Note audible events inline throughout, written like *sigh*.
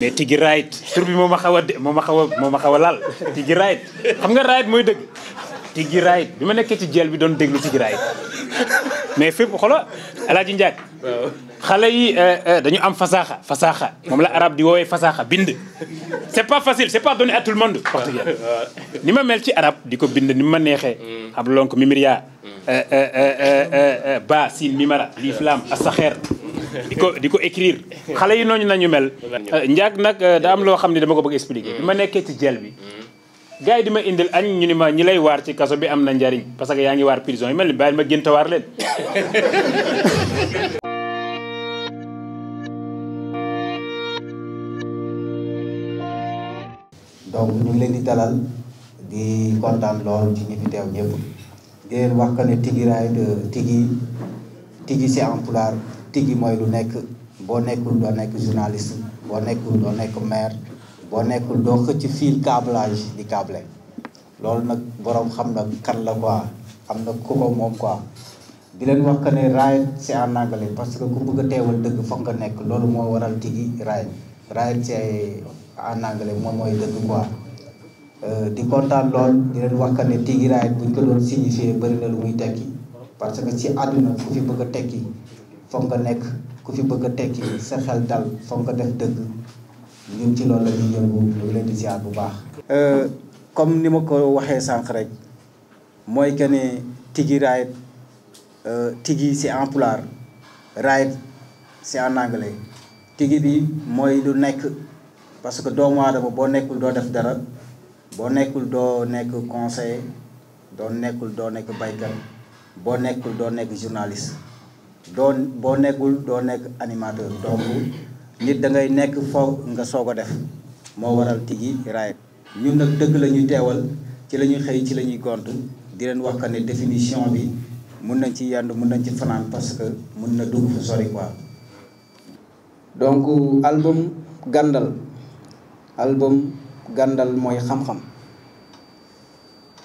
mais tigi raayit tur bi moo ma xaw a de moo ma xaw a moo ma xaw a laal tigi raayit xam nga raayit mooy dëgg tigi raayit bi ma nekkee ci jeel bi doon déglu tigi raayit mais fépp xola alaaji njaag xale yi euh, euh, dañu am fasaaxa fasaaxa moom la arab di woowee fasaaxa bind c'est pas facile c'est pas donné à tout le monde wax ni ma mel ci arab di ko bind ni ma neexee xam mm. lonk mimiriya mm. euh, ba sin mimara liiflam asaxeer di ko écrire xale yi nooñu nañu mel njaag nag eh, da am loo xam ne dama ko bëgg expliquer bi ma nekkee ci jel bi gars di ma indil añ ñu ni ma ñi lay waar ci kaso bi am na njariñ parce que yaa ngi waar prison yi mel ni bàyyi ma gën a waar leen leen di dalal di kontaan lool ci ñi fi teew ñëpp di wax que ne tigiraay de tigi tigi c'est en pulaar tigi mooy lu nekk boo nekkul doo nekk journaliste boo nekkul doo nekk maire boo nekkul doo xëcc fil câblage di câble loolu nag boroom xam na kan la ko xam na ku ko moom quoi di leen wax que ne raay c'est en anglais parce que ku bëgg dëgg foog nga nekk loolu moo waral tigi raay raay moom mooy dëgg quoi euh, di kontaan lool di leen wax que ne tigi raay buñ ko doon signifier bëri na lu muy tekki parce que ci àdduna fu fi bëgg a tekki foog nga nekk ku fi bëgg a tekki sa xel dal foog nga def dëgg ñun ci loolu la ñuy leen di ziar bu baax. Euh, comme ni ma ko waxee sànq rek mooy que ne tigi raayit euh, tigi c'est en pulaar raayit c'est en anglais tigi bi mooy lu nekk parce que doomu aadama boo nekkul doo def dara boo nekkul doo nekk conseiller doo nekkul doo nekk baykat boo nekkul doo nekk journaliste. doo boo nekkul doo nekk animateur donc nit da ngay nekk foo nga soog a def moo waral tigi raayet ñun nag dëgg lañuy teewal ci la ñuy xëy ci lañuy ñuy gont di leen wax que ne définition bi mun na ci yendu mun na ci fanaan parce que mun na dugg fu sori quoi. donc album Gandal album Gandal mooy xam-xam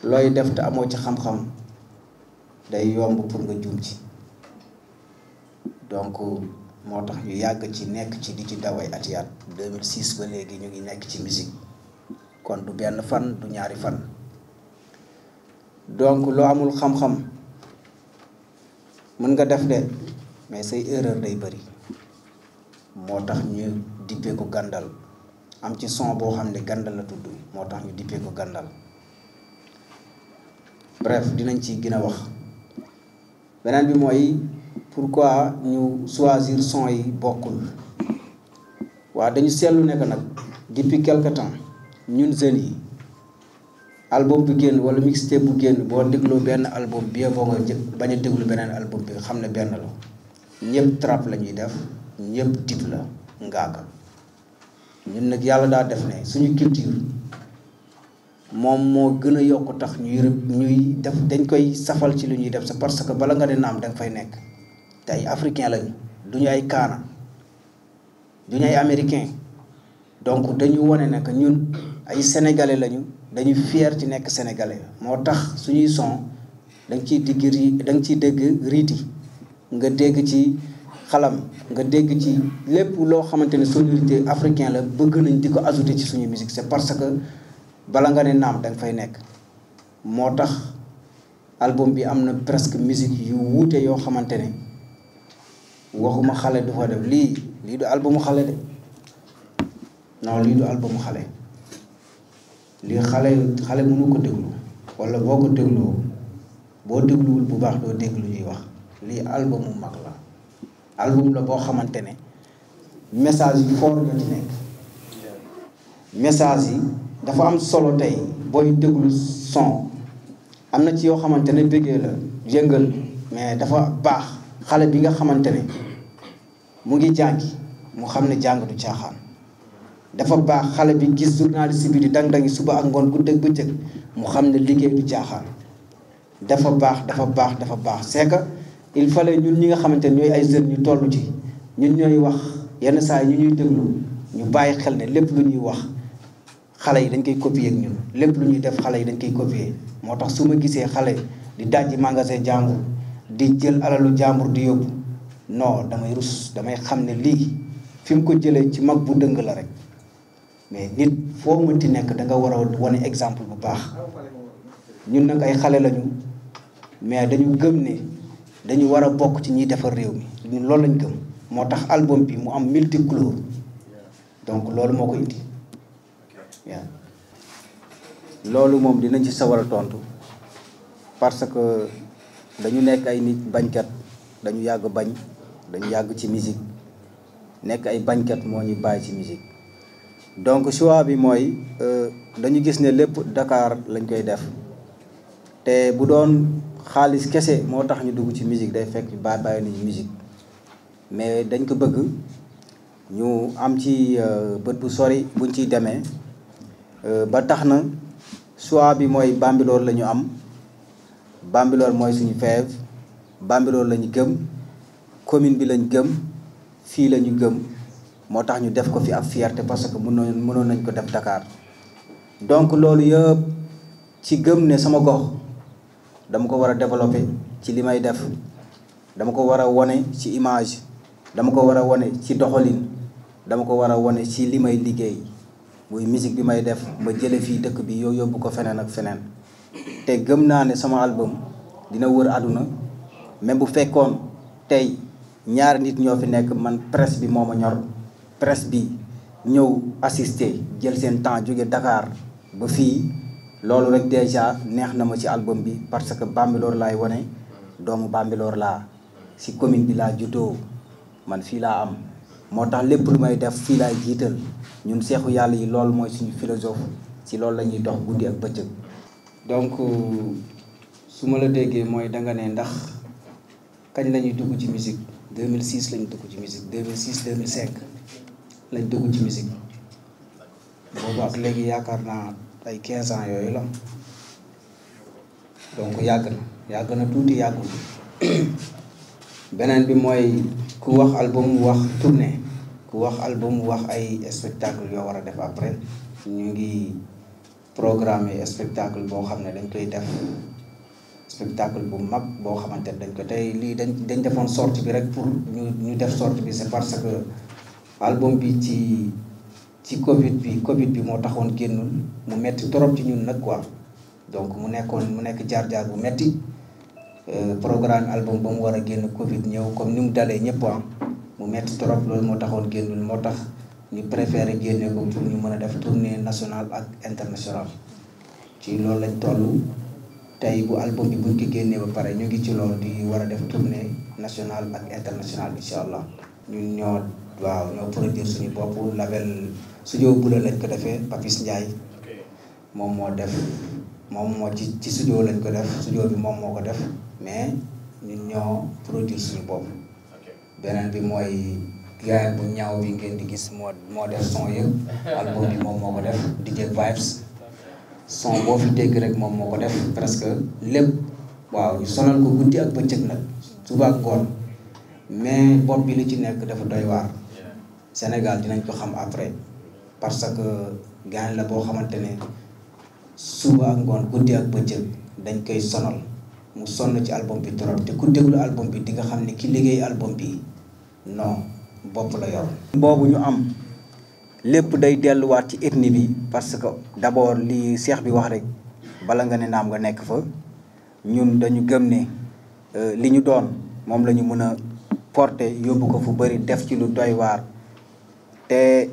looy def te amoo ci xam-xam day yomb pour nga juum ci. donc moo tax ñu yàgg ci nekk ci di ci daway at yaat 2006 ba léegi ñu ngi nekk ci musique kon du benn fan du ñaari fan donc loo amul xam-xam mën nga def de mais say erreur day bëri moo tax ñu dippee ko gàndal am ci son boo xam ne gàndal la tudd moo tax ñu dippee ko gàndal bref dinañ ci gën a wax beneen bi mooy pourquoi ñu choisir son yi bokkul waaw dañu seetlu nekk nag depuis quelque ñun jeunes yi album bu génn wala mixtape bu génn boo dégloo benn album bien boo nga jë bañ a déglu beneen album bi xam ne benn la ñëpp trap la ñuy def ñëpp dib la ngaaka ñun nag yàlla daa def ne suñu culture moom moo gën a yokk tax ñuy ñuy def dañ koy safal ci lu ñuy def sa parce que bala nga ne naam danga fay nekk te africain la du ñu ay kaana du ñu ay américain donc dañu wane ne ñun ay sénégalais lañu dañu fier ci nekk sénégalais moo tax suñuy son da nga ciy digg ciy dégg riiti nga dégg ci xalam nga dégg ci lépp loo xamante ne sonorité africain la bëgg nañ di ko ajouter ci suñu musique c'est parce que bala nga ne naam da fay nekk moo tax album bi am na presque musique yu wuute yoo xamante ne waxuma xale du fa def lii lii du albumu xale de non lii du albumu xale lii xale xale mënu ko déglu wala boo ko dégloo boo dégluwul bu baax doo déglu ñuy wax lii albumu mag la album la boo xamante ne message yu fort ñoo ci nekk message yi dafa am solo tey booy déglu son am na ci yoo xamante ne bëggee la yëngal mais dafa baax xale bi nga xamante ne mu ngi jàngi mu xam ne jàng du caaxaan dafa baax xale bi gis journaliste bi di dang-dangi suba ak ngoon guddeeg bëccëg mu xam ne liggéey du caaxaan dafa baax dafa baax dafa baax c'est que il fallait ñun ñi nga xamante ne ñooy ay jeunes ñu tollu ci ñun ñooy wax yenn saa yi ñu ñuy déglu ñu bàyyi xel ne lépp lu ñuy wax xale yi dañ koy copier ak ñun lépp lu ñuy def xale yi dañ koy copier moo tax su ma gisee xale di dajji magasin jàngu di jël alalu jàmbur di yóbbu non damay rus damay xam ne lii fi mu ko jëlee ci mag bu dëng la rek mais nit foo mënti nekk da nga war a wane exemple bu baax ñun nag ay xale lañu mais dañu gëm ne dañu war a bokk ci ñiy defar réew mi ñu loolu lañ gëm moo tax album bi mu am multicolore donc loolu moo ko indi moom dinañ ci sawar tontu parce que dañu nekk ay nit bañkat dañu yàgg bañ dañu yàgg ci musique nekk ay bañkat moo ñu bàyyi ci musique donc choix bi mooy euh, dañu gis ne lépp Dakar lañ koy def te bu doon xaalis kese moo tax ñu dugg ci misique day fekk ba bàyyi nañu musique mais dañ ko bëgg ñu am ci euh, bët bu sori buñ ci demee euh, ba tax na choix bi mooy Bambilor la ñu am Bambilor mooy suñu feev Bambilor lañu gëm commune bi lañ gëm fii la ñu gëm moo tax ñu def ko fi ab fierté parce que mënoon mënoon nañ ko def Dakar donc loolu yëpp ci gëm ne sama gox dama ko war a développer ci li may def dama ko war a wane ci image dama ko war a wane ci doxalin dama ko war a wane ci li may liggéey muy musique bi may def ma jële fii dëkk bi yow yóbbu ko feneen ak feneen te gëm naa ne sama album dina wër àdduna même bu fekkoon tey ñaari nit ñoo fi nekk man presse bi moo ma ñor presse bi ñëw assister jël seen temps jóge dakaar ba fii loolu rek déjà neex na ma ci album bi parce que Bambilor laay wane doomu Bambilor laa si commune bi laa juddoo man fii laa am moo tax lépp lu may def fii laay jiital ñun seexu yàlla yi loolu mooy suñu philosophe si loolu la ñuy dox guddi ak bëccëg donc euh, su ma la déggee mooy da nga ne ndax kañ la ñuy dugg ci musique 2006 la ñu dugg ci musique 2006 2005 la ñu dugg ci musique boobu ak léegi yaakaar naa ay 15 ans yooyu la donc yàgg na yàgg na tuuti yàggul *coughs* beneen bi mooy ku wax album wax tournée ku wax album wax ay spectacle yoo war a def après ñu ngi. programme spectacle boo xam ne dañ koy def spectacle bu mag boo xamante ne dañ ko tey lii dañ dañ defoon sortie bi rek pour ñu ñu def sortie bi c'est parce que album bi ci ci Covid bi Covid bi moo taxoon génnul mu metti trop ci ñun nag quoi donc mu nekkoon mu nekk jaar-jaar bu metti euh, programme album ba mu war a génn Covid ñëw comme ni mu dalee ñëpp am ah, mu metti torop loolu moo taxoon génnul moo tax. ñu préféré génne ko pour ñu mën a def tournée nationale ak internationale ci loolu lañ toll tey bu album bi buñ ko génnee ba pare ñu ngi ci loolu di war a def tournée nationale ak internationale incha allah ñu ñoo waaw ñoo produire suñu bopp label studio Bula lañ ko defee Papis Ndiaye moom moo def moom moo ci ci studio lañ ko def studio bi moom moo ko def mais ñu ñoo produire suñu bopp beneen bi mooy. yaay bu ñaaw bi ngeen di gis moo moo def son yëpp album bi moom moo ko def DJ Vibes son boo fi dégg rek moom moo ko def presque lépp waaw ñu sonal ko guddi ak bëccëg nag suba ak ngoon mais bopp bi li ci nekk dafa doy waar dinañ ko xam après parce que gaan boo xamante ne suba ak ngoon guddi ak bëccëg dañ koy sonal mu sonn ci album bi trop te ku déglu bi di nga xam ne ki liggéey album bi non bopp la yor. boobu ñu am lépp day delluwaat ci ethnie bi parce que d'abord li seex bi wax rek bala nga ne naam nga nekk fa ñun dañu gëm ne euh, li ñu doon moom lañu mën a porter yóbbu ko fu bëri def ci lu doy waar te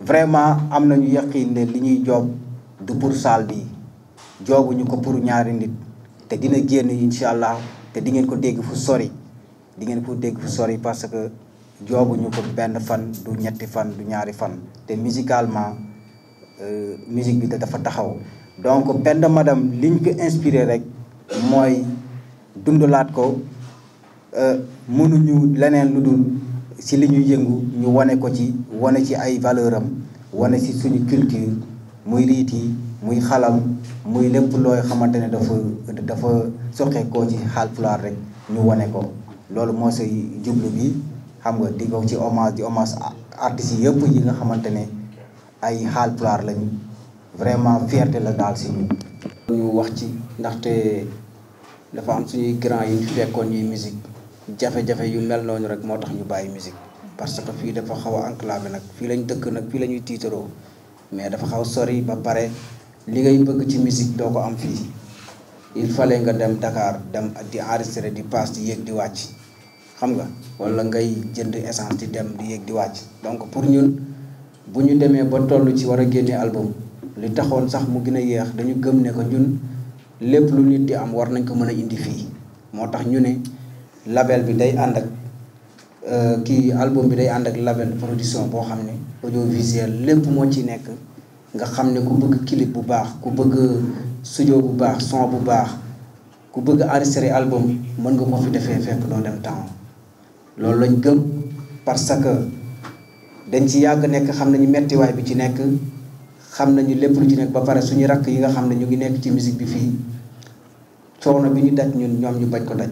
vraiment am nañu yaqin ne li ñuy joob du pour saal bi joobuñu ko pour ñaari nit te dina génn incha allah te di ngeen ko dégg fu sori di ngeen ko dégg fu sori parce que. joobuñu ko benn fan du ñetti fan du ñaari fan te musicalement euh, musique bi dafa taxaw donc benn Madam liñ ko inspiré rek mooy dundalaat ko euh, mënuñu leneen lu dul ci li ñu yëngu ñu wane ko ci wane ci ay valeur am wane ci suñu culture muy riit yi muy xalam muy lépp looy xamante ne dafa dafa soqeekoo ci Haalpulaar rek ñu wane ko loolu moo jublu bi xam nga di ko ci hommage di hommage artistes yëpp yi nga xamante ne ay Haalpulaar lañu vraiment fierté la daal si ñun. ñu wax ci ndaxte dafa am suñuy grand yi fekkoon ñuy musique jafe-jafe yu mel noonu rek moo tax ñu bàyyi musique parce que fii dafa xaw a enclavé nag fii lañ dëkk nag fii la ñuy tiitaroo mais dafa xaw sori ba pare li ngay bëgg ci musique doo ko am fii il fallait nga dem Dakar dem di enregistrer di passe di yéeg di wàcc. xam nga wala ngay jënd essence di dem di yéeg di wàcc donc pour ñun bu ñu demee ba toll ci war a génne album li taxoon sax mu gën a yéex dañu gëm ne ko ñun lépp lu nit di am war nañ ko mën a indi fii moo tax ñu ne label bi day ànd ak euh, kii album bi day ànd ak label production boo xam ne audiovisuel lépp moo ci nekk nga xam ne ku bëgg clip bu baax ku bëgg studio bu baax son bu baax ku bëgg enregistrer album mën nga ko fi defee fekk doo dem temps loolu lañ gëm parce que dañ ci yàgg nekk xam nañu mettiwaay bi ci nekk xam nañu lépp lu ci nekk ba pare suñu rakk yi nga xam ne ñu ngi nekk ci musique bi fii coono bi ñu daj ñun ñoom ñu bañ ko daj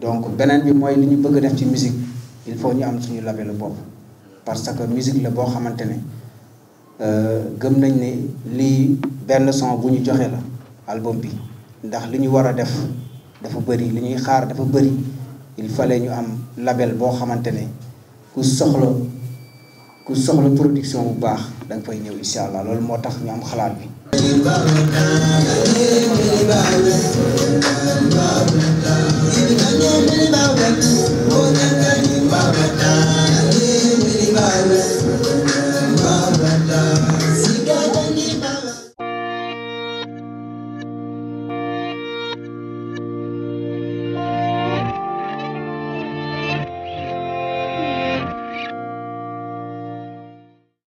donc beneen bi mooy li ñu bëgg a def ci musique il faut ñu am suñu labelu bopp parce que musique la boo xamante ne euh, gëm nañ ne lii benn son bu ñu joxee la album bi ndax li ñu war a def dafa bëri li ñuy xaar dafa bëri il fallait ñu am label boo xamante ne ku soxla ku soxla production bu baax da nga fay ñëw incha allah loolu moo tax ñu am xalaat bi.